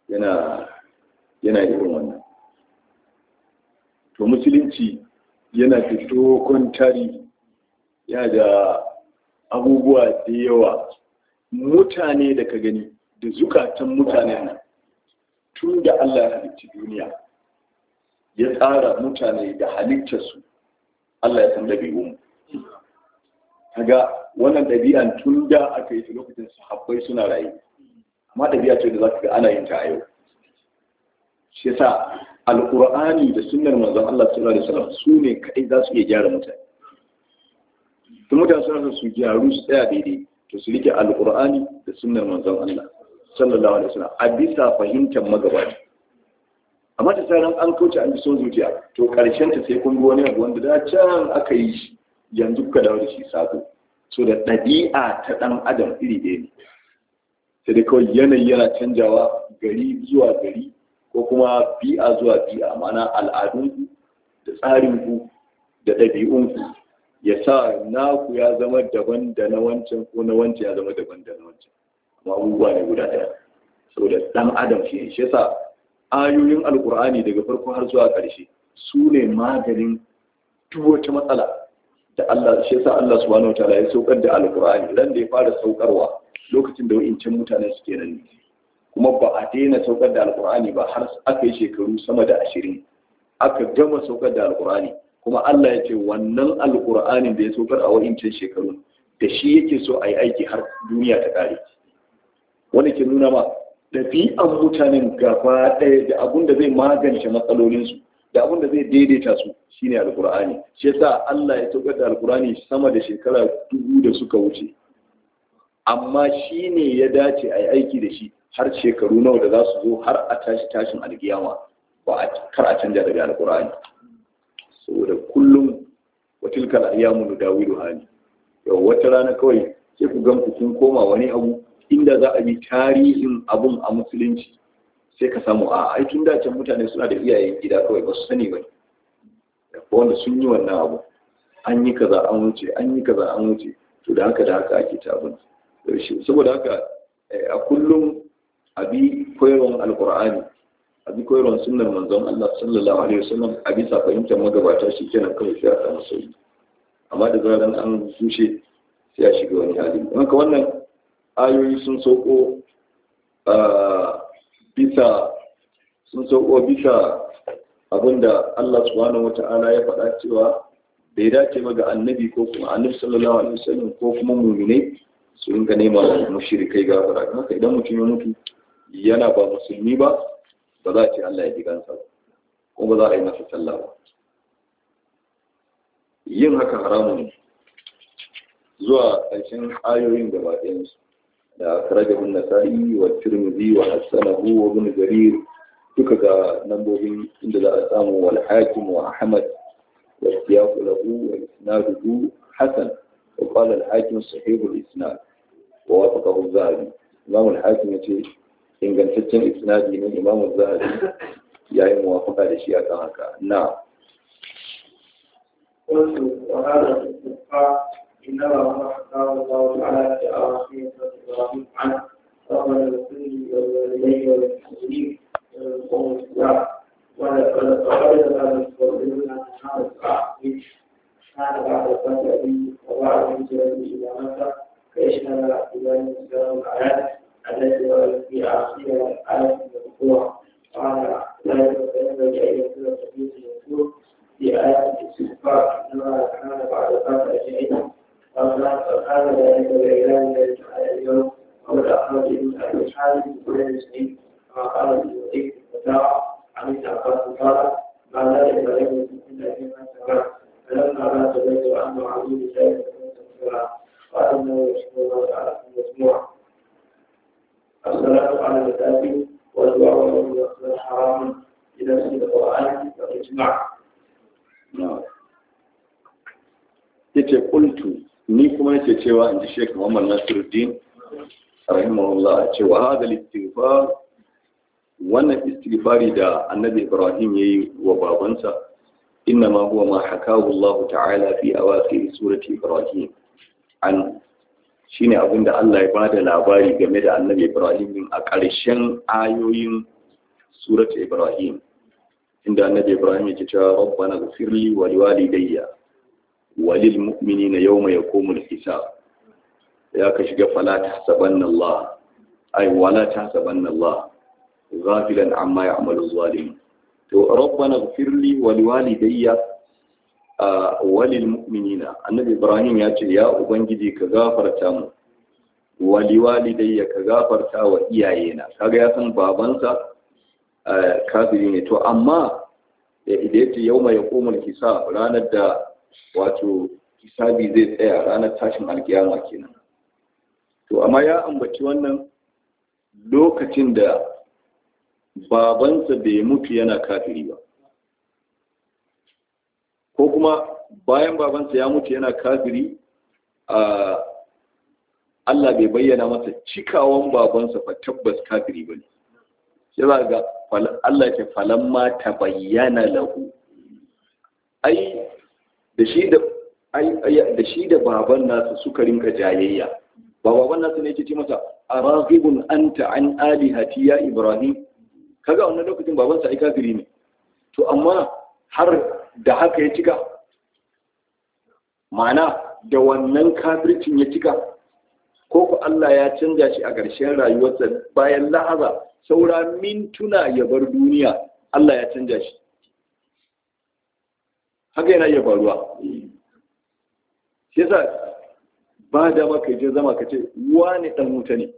yana irin wannan to musulunci yana fito kwantari ya da abubuwa da yawa mutane da ka gani da zukatan mutanen nan tun da Allah ya halitta duniya ya tsara mutane da halittarsu Allah ya san da dabi'un kaga wannan ɗabi'an tun da aka yi lokacin sahabbai suna rayu amma ɗabi'a ce da za ka ga ana yin ta a yau shi yasa alƙur'ani da sunnar manzon Allah sallallahu alaihi wasallam su ne kai za su iya gyara mutane tun mutane suna su gyaru su tsaya daidai to su rike alƙur'ani da sunnar manzon Allah sallallahu alaihi wasallam a bisa fahimtar magabata amma ta tsaron an kauce an bi son zuciya to karshen ta sai kun wani abu wanda da can aka yi shi yanzu kada dawo da shi sabo so da ɗabi'a ta ɗan adam iri ɗaya ne sai dai kawai yanayi yana canjawa gari zuwa gari ko kuma bi'a zuwa bi'a mana al'adunku da tsarinku da ɗabi'unku ya sa naku ya zama daban da na wancan ko na wancan ya zama daban da na wancan amma abubuwa ne guda ɗaya saboda ɗan adam shi ne shi yasa ayoyin alkur'ani daga farko har zuwa ƙarshe su ne maganin duk wata matsala da Allah shi yasa Allah subhanahu wataala ya saukar da alqur'ani ran da ya fara saukarwa lokacin da wayancin mutane suke nan kuma ba a daina saukar da alqur'ani ba har aka yi shekaru sama da ashirin aka gama saukar da alqur'ani kuma Allah ya ce wannan alqur'anin da ya saukar a wayancin shekaru da shi yake so a yi aiki har duniya ta kare Wani ke nuna ma ɗabi'an mutanen gaba ɗaya da abun da zai magance matsalolinsu da abin da zai daidaita su shine alkur'ani shi yasa Allah ya saukar da alkur'ani sama da shekara dubu da suka wuce amma shi ne ya dace a yi aiki da shi har shekaru nawa da za su zo har a tashi tashin alkiyama ba a kar a canja daga alkur'ani saboda kullum watilkal ayyamu nudawilu hali yau wata rana kawai sai ku gan kun koma wani abu inda za a bi tarihin abun a musulunci sai ka samu a aikin dacin mutane suna da iyayen gida kawai ba su sani ba ne. wanda sun yi wannan abu an yi kaza an wuce an yi kaza an wuce to da haka da haka ake ta abin saboda haka eh, a kullum abi koyarwan alkur'ani abi koyarwan sunnar manzon Allah sallallahu alaihi wasallam a sa fahimtar magabata shi kenan kawai sai a samu sauyi amma da zaran an zushe sai a shiga wani hali don wannan ayoyi sun soko ah, bisa sun sauko bisa abinda Allah subhanahu wata'ala ya faɗa cewa bai dace maga ga annabi ko kuma annabi sallallahu alaihi wasallam ko kuma mu'minai su rinka nema mushrikai fara kuma idan mutum ya mutu yana ba musulmi ba ba za a ce Allah ya ji gansa ko ba za a yi masa sallah ba yin haka haramun zuwa ƙarshen ayoyin gaba su. da أخرجه النسائي والترمذي wa وابن jarir duka ga lambobin inda za a samu wal hakim wa ahmad wa siyaku lahu wa isnaduhu hasan wa qala al hakim sahih al isnad wa wafaqa al zahabi imam al hakim yace ingantaccen isnadi ne imam al zahabi yayi muwafaqa da shi akan haka na wato wa hada إنما هو حكاه الله تعالى في أراحية إبراهيم عنه ربنا اغفر لي ولوالدي وللمسلمين وللقوم السلام ولقد يستطيعون أن يحارب بعضهم كان بعد الفتح وبعد الهجرة إلى مكة فيشمل اعتبار مسلم الآيات التي وردت في آخر الآية المذكورة قال ذلك فينبغي أن يكون في آية الاستغفار إنما كان بعد الفتح شهيدا أغلق هذا ذلك الإعلان على اليوم والأخرج من أهل الحال كل المسلمين قال الزهري وداع عن ابن عباس قال ما لا إلا فيما سمعت فلما مات بيت عنه عزيز ذلك قال إنه يشكر الله تعالى في المسموع الصلاة على المساجد والدعاء والصلاة حرام إذا سمع القرآن والإجماع. نعم. قلت ni kuma nake cewa in ji Sheikh Muhammad Nasiruddin rahimahullah cewa hada istighfar wannan istighfari da Annabi Ibrahim yayi wa babansa inna ma huwa ma hakahu Allah ta'ala fi awakhir surati Ibrahim an shine abinda Allah ya bada labari game da Annabi Ibrahim a ƙarshen ayoyin surati Ibrahim inda Annabi Ibrahim yake cewa rabbana ghfirli wa liwalidayya walil mu'minina yawma yaqumul hisab ya ka shiga fala tahsabanna Allah ay wala tahsabanna Allah ghafilan amma ya ya'malu zalimun to rabbana ighfir li wa liwalidayya na. mu'minina annabi ibrahim ya ce ya ubangiji ka gafarta mu wa liwalidayya ka gafarta wa iyayena kaga ya san babansa kafiri ne to amma da ya ce yau mai hukumar hisab ranar da wato hisabi zai tsaya ranar tashin alkiyama kenan to amma ya ambaci wannan lokacin da babansa bai mutu yana kafiri ba ko kuma bayan babansa ya mutu yana kafiri a Allah bai bayyana masa cikawan babansa ba tabbas kafiri bane sai za ga Allah ya falamma ta bayyana lahu ai da shi da baban nasu suka rinka jayayya ba baban nasu ne ce masa a anta an alihati ya ibrahim kaga wannan lokacin Babansa a ai kafiri ne to amma har da haka ya cika ma'ana da wannan kafircin ya cika ko ku Allah ya canja shi a ƙarshen rayuwarsa bayan lahaza saura mintuna ya bar duniya Allah ya canja shi haka yana iya faruwa shi yasa ba da ka je zama ka ce wani dan wuta ne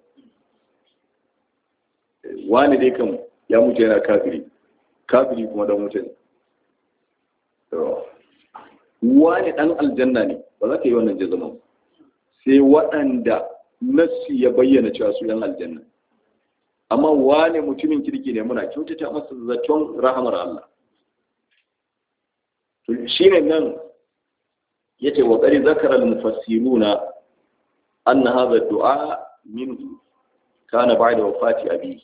wani dai kan ya mutu yana kafiri kafiri kuma dan wuta ne wani dan aljanna ne ba za ka yi wannan zama? sai waɗanda nassi ya bayyana cewa su yan aljanna amma wani mutumin kirki ne muna kyautata masa zaton rahamar Allah shine nan yace wa qad zakara al-mufassiruna anna hadha ad-du'a min kana ba'da wafati abi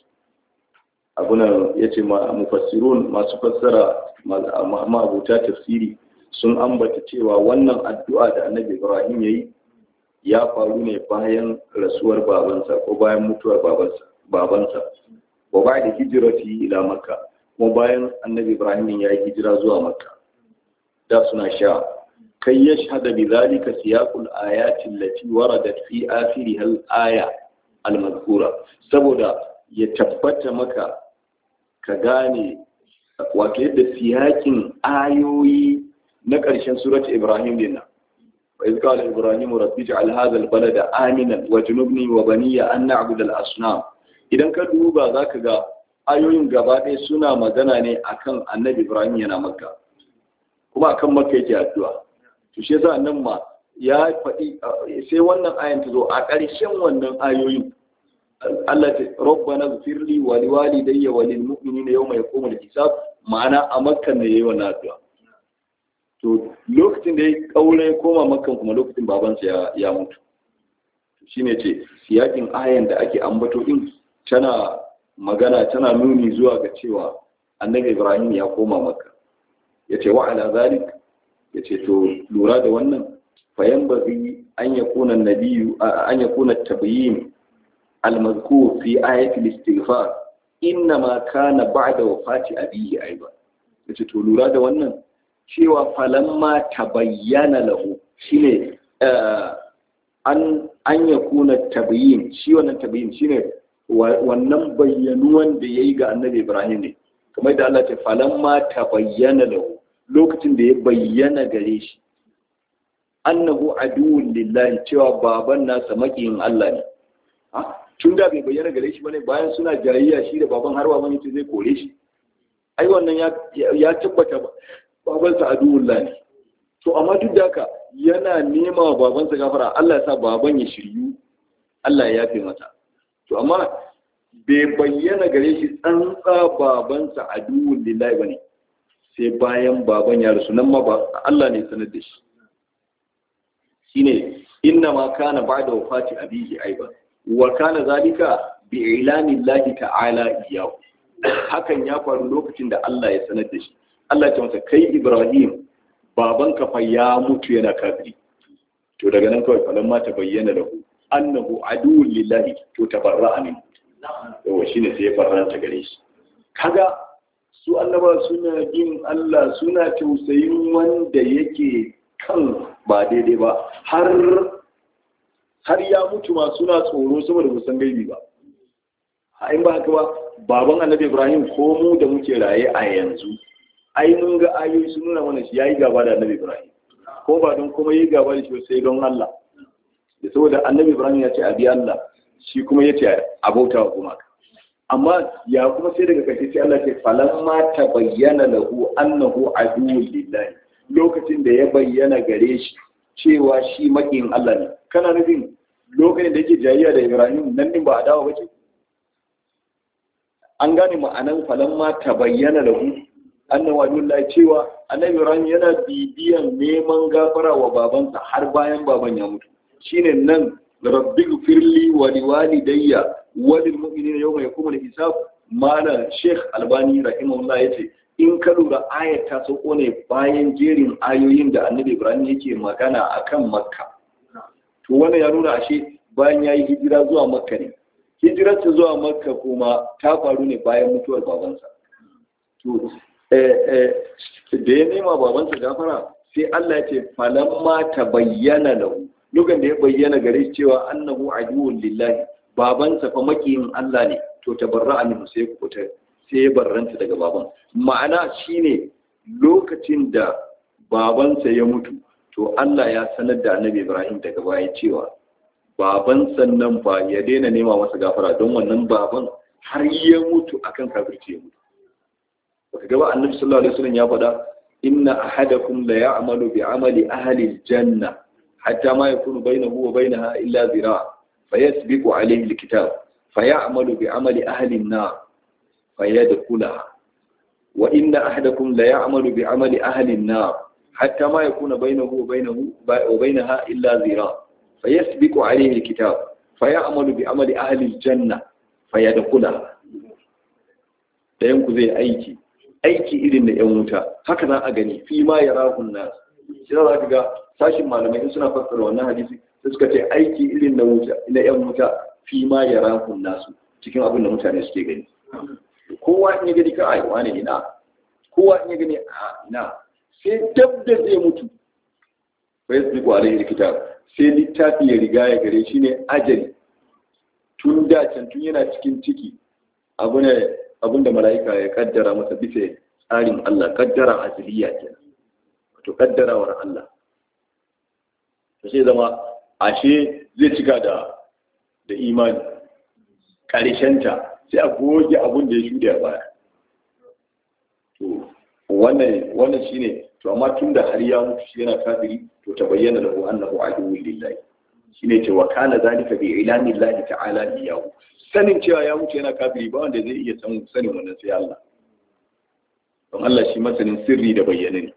abuna yace mufassirun masu fassara ma abuta tafsiri sun ambata cewa wannan addu'a da annabi Ibrahim yayi ya faru ne bayan rasuwar babansa ko bayan mutuwar babansa babansa wa ba'da hijrati ila makka kuma bayan annabi Ibrahim ya yi hijira zuwa makka da suna sha kai yashhadu bi zalika siyaqul ayati allati waradat fi akhiriha al-aya al-madhkura saboda ya tabbata maka ka gane wato yadda siyakin ayoyi na ƙarshen surat Ibrahim dinna wa iz qala ibrahim rabbi ij'al hadha al-balada aminan wa junubni wa baniya an na'budu al-asnam idan ka duba zaka ga ayoyin gaba ɗaya suna magana ne akan annabi Ibrahim yana makka kuma akan maka yake addu'a to shi yasa nan ma ya faɗi sai wannan ayan ta a ƙarshen wannan ayoyin Allah ta rabbana firli wa liwalidayya wa lil mu'minina yawma yaqumul hisab ma'ana a makka ne yayi wannan addu'a to lokacin da ya kaure ya koma makka kuma lokacin babansa ya mutu shine ce siyakin ayan da ake ambato din tana magana tana nuni zuwa ga cewa annabi Ibrahim ya koma makka yace wa ala zalik yace to lura da wannan fayan bari an ya kuna nabiyu an yakuna tabyin al-mazkur fi ayati istighfar inna ma kana ba'da wafati abihi aiba yace to lura da wannan cewa falamma tabayyana lahu shine eh, an an kuna tabyin shi wannan tabyin shine wannan bayyanuwan da yayi ga annabi Ibrahim ne kamar da Allah ta falamma tabayyana lahu lokacin da ya bayyana gare shi annahu aduwwun lillahi cewa baban nasa makiyin Allah ne tun da bai bayyana gare shi bane bayan suna jayayya shi da baban harwa bane ce zai kore shi ai wannan ya tabbata babansa aduwwun lillahi to amma duk da haka yana nema babansa gafara Allah ya sa baban ya shiryu Allah ya yafe mata to amma bai bayyana gare shi tsantsa babansa aduwwun lillahi bane sai bayan baban ya rasu nan ma ba Allah ne sanar da shi shine inna ma kana ba'da wafati abihi aiba wa kana zalika bi ilani llahi ta'ala iyahu hakan ya faru lokacin da Allah ya sanar da shi Allah ya masa kai Ibrahim ka fa ya mutu yana kafiri to daga nan kawai falan ma ta bayyana ku annahu aduwwun lillahi to tabarra'a min to shine sai ya faranta gare shi kaga su annaba suna bin Allah suna tausayin wanda yake kan ba daidai ba har ya mutu ma suna tsoro saboda musan gaibi ba a in ba haka ba baban annabi ibrahim ko mu da muke raye a yanzu ai mun ga ayoyi sun nuna mana shi ya yi gaba da annabi ibrahim ko ba don kuma yi gaba da shi sai don Allah da saboda annabi ibrahim ya ce abi Allah shi kuma ya ce abauta wa gumaka amma ya kuma sai daga kashe sai Allah ce ma ta bayyana lahu annahu aduwwu lillahi lokacin da ya bayyana gare shi cewa shi makin Allah ne kana nufin lokacin da yake jayayya da Ibrahim nan din ba a dawo bace an gane ma'anan ma ta bayyana lahu annahu aduwwu lillahi cewa annabi Ibrahim yana bibiyan neman gafara wa babansa har bayan baban ya mutu shine nan rabbighfirli wa liwalidayya wadil mu'minina yawma yaqumu al-hisab malam Sheikh Albani rahimahullah yace in ka lura ayat ta sauko ne bayan jerin ayoyin da Annabi Ibrahim yake magana akan Makka to wannan ya nuna ashe bayan yayi hijira zuwa Makka ne hijirar ta zuwa Makka kuma ta faru ne bayan mutuwar babansa to eh, eh, da ya nema babansa gafara sai Allah ya ce falamma tabayyana lahu lokacin da ya bayyana gare shi cewa annahu aduwwun lillahi babansa fa makiyin Allah ne to tabarra'a min sai kubuta sai ya barranta daga baban ma'ana shine lokacin da babansa ya mutu to Allah ya sanar da Annabi Ibrahim daga baya cewa baban sannan ba ya daina nema masa gafara don wannan baban har ya mutu akan kafirci ya mutu baka gaba Annabi sallallahu alaihi wasallam ya faɗa inna ahadakum la ya'malu bi amali ahli janna. hatta ma yakunu bainahu wa bainaha illa zira' فيسبق عليه الكتاب فيعمل بعمل أهل النار فيدخلها وإن أحدكم ليعمل بعمل أهل النار حتى ما يكون بينه وبينه وبينها إلا ذراع فيسبق عليه الكتاب فيعمل بعمل أهل الجنة فيدخلها da yanku zai aiki aiki irin da ‘yan wuta haka za a gani fi ma ya rahun nasu shi za ka ga sashin malamai suna fassara wannan hadisi suka ce aiki irin na wuta na yan wuta fi ma rahun nasu cikin abin da mutane suke gani kowa in ya gani ka ai wani ina kowa in ya gani a ina sai dab da zai mutu bai zai ko alaihi kitab sai littafi ya riga ya gare shi ne ajali tun da can tun yana cikin ciki abu ne abin da mala'ika ya kaddara masa bisa tsarin Allah kaddara azliya kenan wato kaddarawar Allah to sai zama ashe zai cika da da imani ƙarshenta sai a goge abun da ya shuɗe a baya to wannan wannan shine to amma tun da har ya mutu shi yana kafiri to ta bayyana da lahu annahu aduwwul lillahi shine ce wa kana zalika bi ilani llahi ta'ala iyahu sanin cewa ya mutu yana kafiri ba wanda zai iya san sanin wannan sai Allah don Allah shi masanin sirri da bayyana ne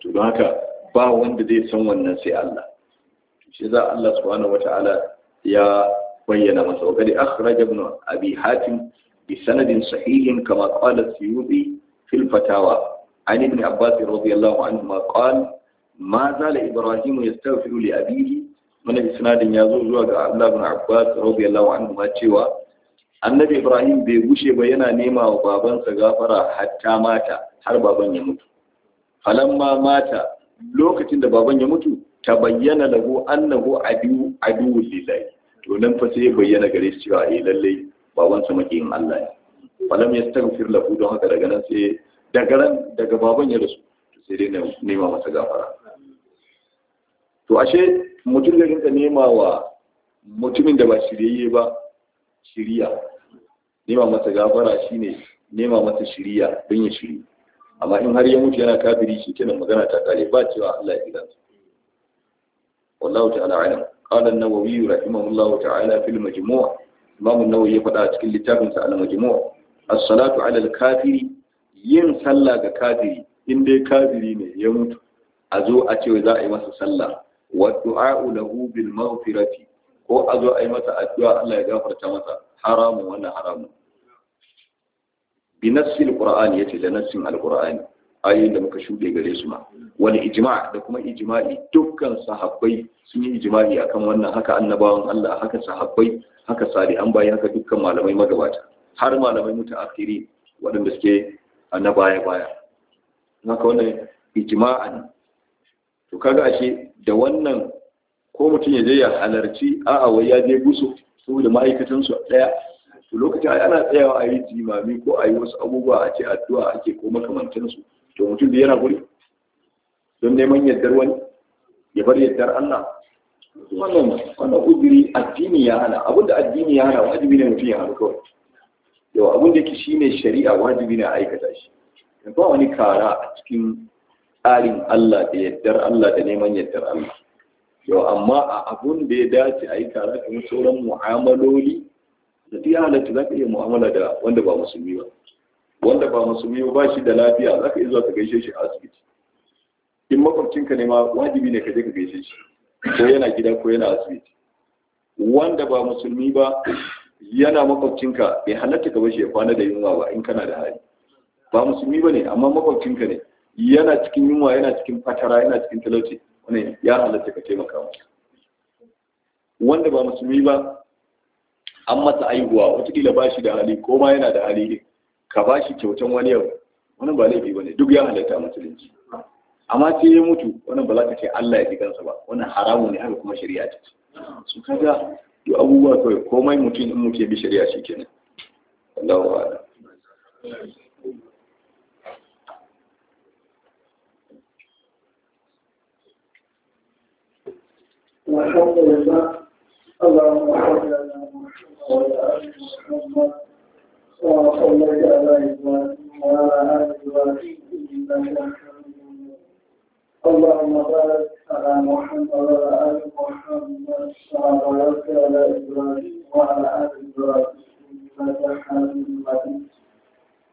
to don haka ba wanda zai san wannan sai Allah shi za Allah subhanahu wata'ala ya bayyana masa wa gadi akhraj ibn abi hatim bi sanadin sahihin kama qala suyubi fil fatawa an ibn abbas radiyallahu anhu ma qala ma zala ibrahim yastaghfiru li abihi wannan sanadin ya zo zuwa ga Allah ibn Abbas radiyallahu anhu ma cewa annabi Ibrahim bai gushe ba yana nema wa babansa gafara hatta mata har baban ya mutu falamma mata lokacin da baban ya mutu ta bayyana lahu annahu adu adu lillahi to nan fa sai bayyana gare shi cewa eh lalle babansa makin Allah ne falam yastaghfir lahu don haka daga nan sai daga ran daga baban ya rasu to sai dai na nema masa gafara to ashe mutum da rinka nema wa mutumin da ba shirye ba shiriya nema masa gafara shine nema masa shiriya don ya shiri amma in har ya mutu yana kafiri shi kenan magana ta kare ba cewa Allah ya gidansa wallahu ta'ala alam qala an-nawawi rahimahullahu ta'ala fil majmu' imam an-nawawi ya faɗa cikin littafin sa al-majmu' as-salatu 'ala al-kafiri yin sallah ga kafiri in ya kafiri ne ya mutu a zo a ce za a yi masa sallah wa du'a'u lahu bil maghfirati ko a zo a yi masa addu'a Allah ya gafarta masa haramun wannan haramun bi nassil qur'ani yace da nassin al ayoyin da muka shuɗe gare su ma wani ijima da kuma ijma'i dukkan sahabbai sun yi ijma'i akan wannan haka annabawan Allah haka sahabbai haka An bayi haka dukkan malamai magabata har malamai akiri waɗanda suke na baya baya haka wannan ijma'an to kaga ashe da wannan ko mutum ya je ya halarci a'a wai ya je gusu saboda ma'aikatan su ɗaya to lokacin ana tsayawa a yi jimami ko a yi wasu abubuwa a ce addu'a ake ko makamantansu to mutum da yana guri don neman yaddar wani ya bar yaddar Allah wannan wannan addini ya hana abinda addini ya hana wajibi ne mutum ya hana kawai yau abinda yake ne shari'a wajibi ne a aikata shi ba wani kara a cikin tsarin Allah da yardar Allah da neman yardar Allah yau amma a abun da ya dace a yi kara kamar sauran mu'amaloli da duk halatta za ka iya mu'amala da wanda ba musulmi ba wanda ba musulmi ba shi da lafiya za ka iya zuwa ka gaishe shi a asibiti in makwabcinka ne ma wajibi ne ka je ka gaishe shi ko yana gida ko yana asibiti wanda ba musulmi ba yana makwabcinka bai halatta ka bashi ya kwana da yunwa ba in kana da hali ba musulmi ba ne amma makwabcinka ne yana cikin yunwa yana cikin fatara yana cikin talauci wani ya halatta ka taimaka masa wanda ba musulmi ba an masa aihuwa wataƙila ba shi da hali ko ma yana da hali ne ka ba shi kyautan wani yau Wani ba laifi ne. duk ya halatta musulunci amma sai ya mutu Wani ba za ka ce Allah ya ji kansa ba Wani haramu ne haka kuma shari'a ce su kaga duk abubuwa kawai komai mutum in muke bi shari'a shi kenan Allahu a'lam والحمد لله اللهم صل وصليت على إبراهيم وعلى آل إبراهيم إنك حميد اللهم بارك على محمد وعلى آل محمد كما باركت على إبراهيم وعلى آل إبراهيم إنك حميد مجيد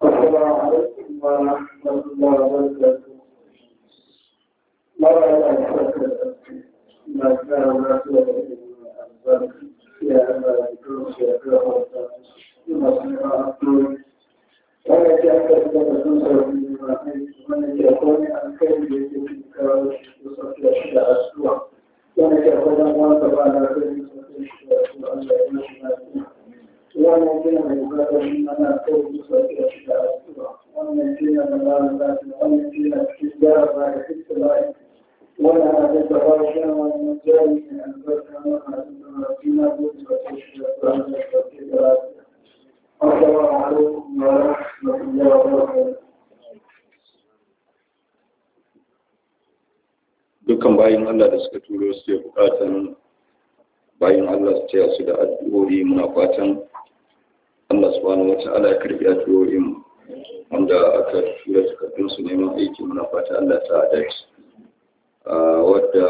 السلام عليكم ورحمة الله وبركاته مرة ما كان الناس يا أبا الكرسي يا أبا wanda ke aka fi da ko sarfiya shi da asuwa wanda ke akwai dan wanda ba na ba ba wani na dukkan bayan Allah da suka turo su ya bukatan bayan Allah su taya su da addu'o'i muna fatan Allah wata ala ya karbi addu'o'in wanda aka tura takardun su neman aiki muna fata Allah ta dace wadda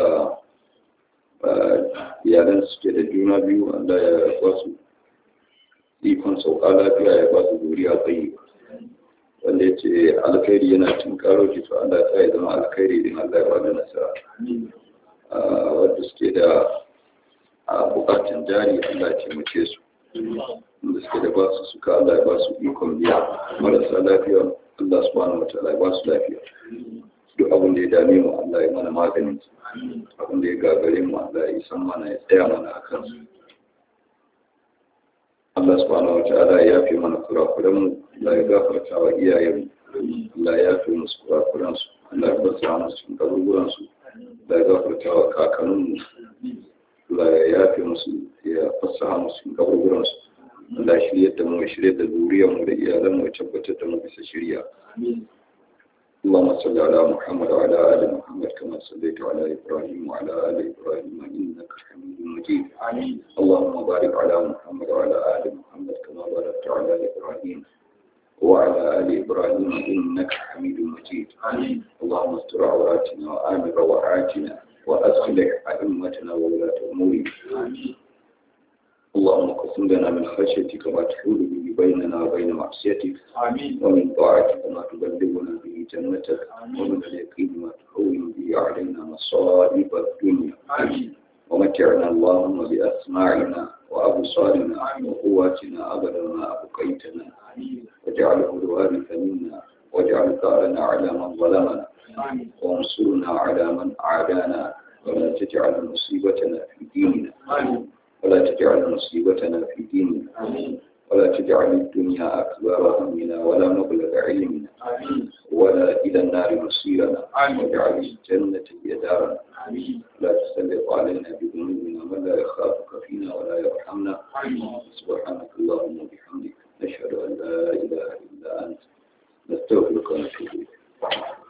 iyalan suke da juna biyu Allah ya kwasu ikon sauka lafiya ya ba su zuriya yi. wanda ya ce alkhairi yana cin karo ki to Allah ya zama alkhairi din Allah ya bada nasara wanda suke da bukatun jari Allah ya taimake su wanda suke da basu suka Allah ya ba su ikon biya marasa lafiya Allah su bani wata allah ya ba su lafiya duk abin da ya dame mu Allah ya mana maganin abin da ya gagare mu Allah ya san mana ya tsaya mana a kansu Allah subhanahu wataala ya fi mana kurakuran mu Allah ya gafarta wa iyayen mu Allah ya fi musu kurakuran su Allah ya gafarta musu cikin kaburburan su Allah ya gafarta wa kakannin mu Allah ya yafe musu ya fasaha musu cikin kaburburan su Allah shirye da mu shirye da zuriyar mu da iyalan mu tabbatar da mu bisa shirya اللهم صل على محمد وعلى آل محمد كما صليت على إبراهيم وعلى آل إبراهيم إنك حميد مجيد آمين اللهم بارك على محمد وعلى آل محمد كما باركت على إبراهيم وعلى آل إبراهيم إنك حميد مجيد آمين اللهم استر عوراتنا وآمن روعاتنا وأصلح أئمتنا وولاة أمورنا آمين اللهم قسم لنا من خشيتك ما تحول به بيننا وبين معصيتك آمين ومن طاعتك ما تبلغنا به جنتك ومن اليقين ما تحول به علينا مصائب الدنيا آمين ومتعنا اللهم بأسماعنا وأبصارنا وقواتنا أبدا ما أبقيتنا واجعله الوارث منا واجعل ثارنا على من ظلمنا وانصرنا على من عادانا ولا تجعل مصيبتنا في ديننا ولا تجعل مصيبتنا في ديننا ولا تجعل الدنيا أكبر همنا ولا مبلغ علمنا ولا إلى النار مصيرنا واجعل الجنة هي دارنا لا تسلط علينا بذنوبنا من لا يخافك فينا ولا يرحمنا سبحانك اللهم وبحمدك نشهد أن لا إله إلا أنت نستغفرك ونتوب إليك